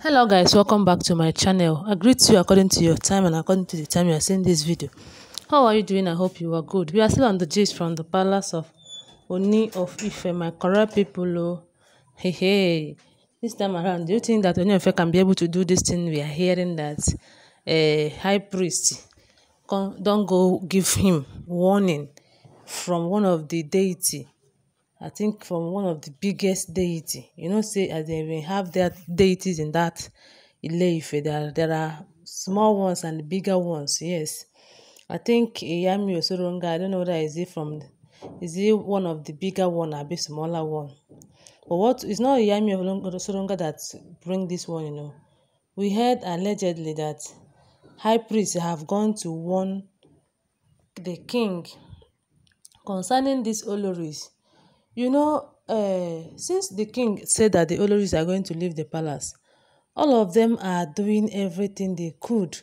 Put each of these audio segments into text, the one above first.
hello guys welcome back to my channel i greet you according to your time and according to the time you are seeing this video how are you doing i hope you are good we are still on the gist from the palace of oni of ife my correct people oh hey hey this time around do you think that oni of ife can be able to do this thing we are hearing that a eh, high priest don't go give him warning from one of the deity I think from one of the biggest deity. You know, say as they even have their deities in that Ile-Ife. There, there are small ones and bigger ones. Yes, I think Iyami Osoronga. I don't know whether is it from, is it one of the bigger one or a bit smaller one. But what it's not Iyami Osoronga that bring this one. You know, we heard allegedly that high priests have gone to warn the king concerning these Oloris you know, uh, since the king said that the Oloris are going to leave the palace, all of them are doing everything they could.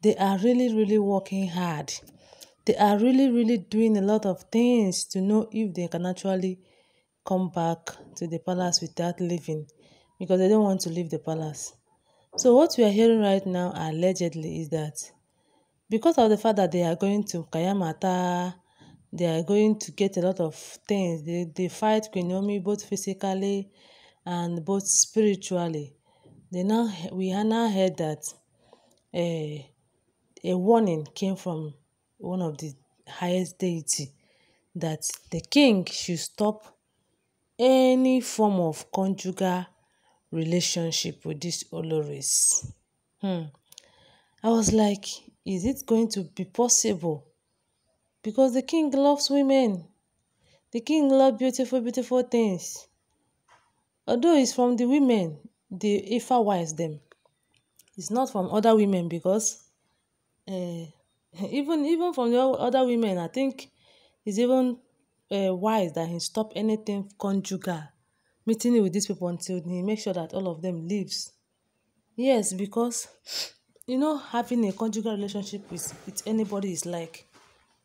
They are really, really working hard. They are really, really doing a lot of things to know if they can actually come back to the palace without leaving because they don't want to leave the palace. So what we are hearing right now allegedly is that because of the fact that they are going to Kayamata, they are going to get a lot of things. They, they fight Queen both physically and both spiritually. They now we have now heard that a, eh, a warning came from one of the highest deity that the king should stop any form of conjugal relationship with this Oloris. Hmm. I was like, is it going to be possible? because the king loves women. The king loves beautiful, beautiful things. Although it's from the women, the Ifa wise them. It's not from other women because uh, even even from the other women, I think it's even uh, wise that he stop anything conjugal, meeting with these people until he make sure that all of them leaves. Yes, because you know having a conjugal relationship with, with anybody is like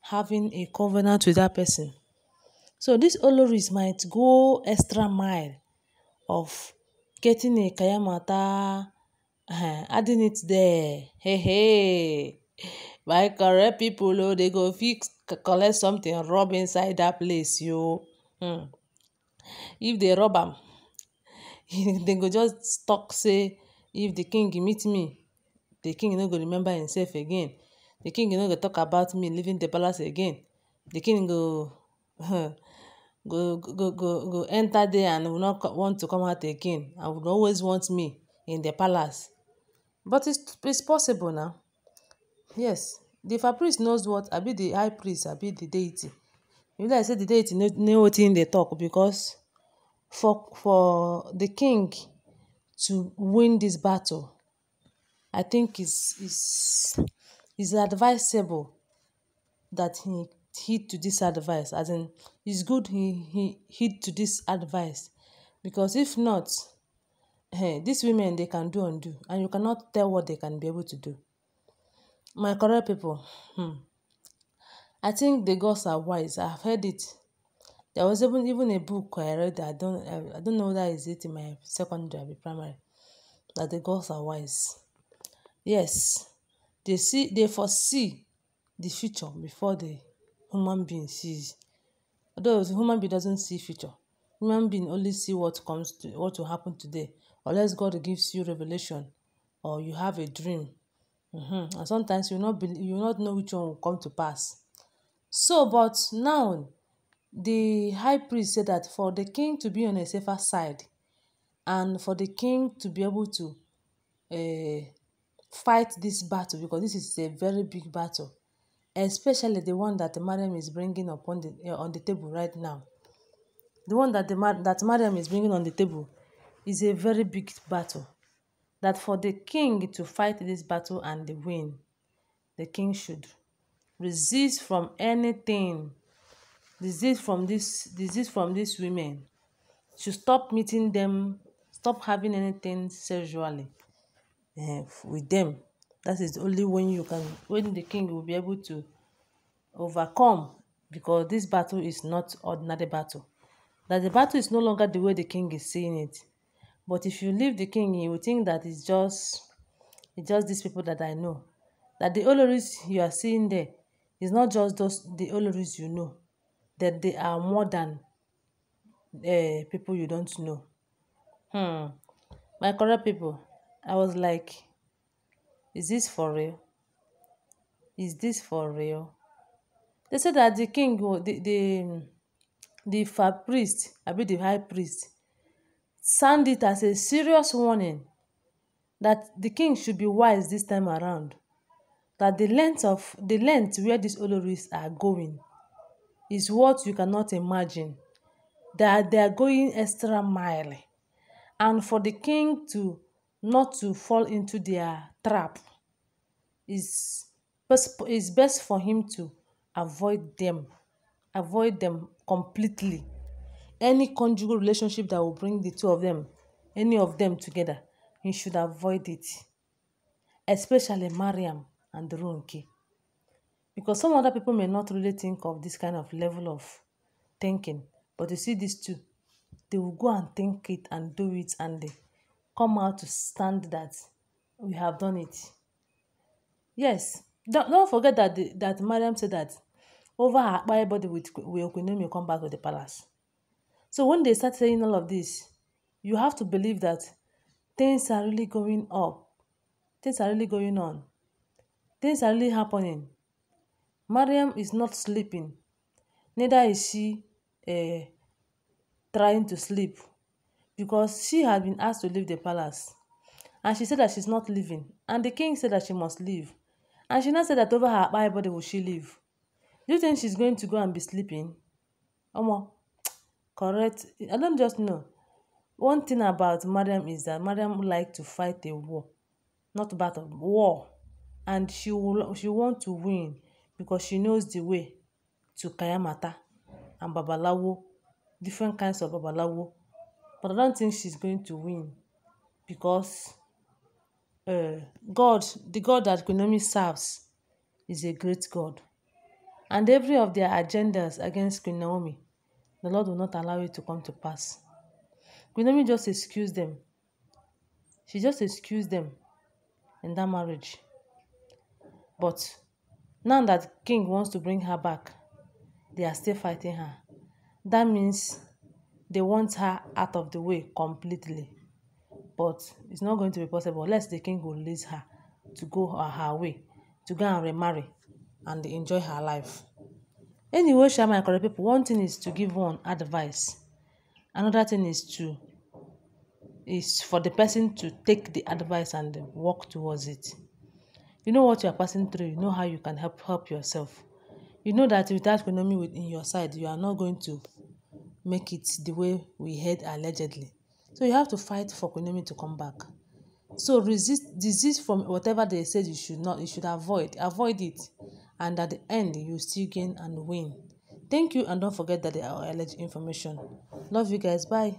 having a covenant with that person. So this Oloris might go extra mile of getting a kayamata, uh, adding it there. Hey, hey. By correct people, oh, they go fix, collect something, rub inside that place, yo. Hmm. If they rob am, they go just talk, say, if the king meet me, the king no go remember himself again the king you no go talk about me leaving the palace again the king go go go go go enter there and will not want to come out again and will always want me in the palace but it's it's possible now yes the far priest knows what abi the high priest abi the deity you know, I say the deity no know wetin dey talk because for for the king to win this battle i think is is it's advisable that he heed to this advice as in it's good he, he heed to this advice because if not hey, eh, these women they can do and do and you cannot tell what they can be able to do my correct people hmm, i think the girls are wise i've heard it there was even even a book i read i don't i, don't know that is it in my secondary primary that the girls are wise yes They see they foresee the future before the human being sees. Although the human being doesn't see future, human being only see what comes to what will happen today, unless God gives you revelation or you have a dream. Mm-hmm. And sometimes you not believe, you not know which one will come to pass. So, but now the high priest said that for the king to be on a safer side, and for the king to be able to uh, fight this battle because this is a very big battle, especially the one that Mariam is bringing on the uh, on the table right now. The one that the that Mariam is bringing on the table is a very big battle. That for the king to fight this battle and win, the king should resist from anything, resist from this, resist from these women. Should stop meeting them, stop having anything sexually. Eh, with them. That is only when you can, when the king will be able to overcome because this battle is not ordinary battle. That the battle is no longer the way the king is seeing it. But if you leave the king, he will think that it's just it's just these people that I know. That the Oloris you are seeing there is not just those the Oloris you know. That they are more than uh, people you don't know. Hmm. My correct people, I was like, is this for real? Is this for real? They said that the king, the the, the far priest, I mean the high priest, sent it as a serious warning that the king should be wise this time around. That the length of the length where these oloris are going is what you cannot imagine. That they are going extra mile. And for the king to not to fall into their trap. It's best, it's best for him to avoid them, avoid them completely. Any conjugal relationship that will bring the two of them, any of them together, he should avoid it. Especially Mariam and Ronke. Because some other people may not really think of this kind of level of thinking. But you see these two, they will go and think it and do it and they come out to stand that we have done it. Yes, don't, don't forget that the, that Mariam said that over her body with Okunemi come back to the palace. So when they start saying all of this, you have to believe that things are really going up. Things are really going on. Things are really happening. Mariam is not sleeping. Neither is she uh, trying to sleep because she had been asked to leave the palace. And she said that she's not leaving. And the king said that she must leave. And she now said that over her eye body will she leave. Do you think she's going to go and be sleeping? Omo, correct. I don't just know. One thing about Mariam is that Mariam like to fight a war, not battle, war. And she will she want to win because she knows the way to Kayamata and Babalawo, different kinds of Babalawo. But I don't think she's going to win because uh, God, the God that Koinomi serves, is a great God. And every of their agendas against Queen Naomi, the Lord will not allow it to come to pass. Queen Naomi just excused them. She just excused them in that marriage. But now that King wants to bring her back, they are still fighting her. That means they want her out of the way completely. But it's not going to be possible unless the king will release her to go her way, to go and remarry and enjoy her life. Anyway, share my correct people. One thing is to give one advice. Another thing is to is for the person to take the advice and walk towards it. You know what you are passing through, you know how you can help help yourself. You know that without Konomi in your side, you are not going to make it the way we heard allegedly. So you have to fight for Konami to come back. So resist disease from whatever they said you should not, you should avoid. Avoid it. And at the end, you still gain and win. Thank you and don't forget that there are alleged information. Love you guys. Bye.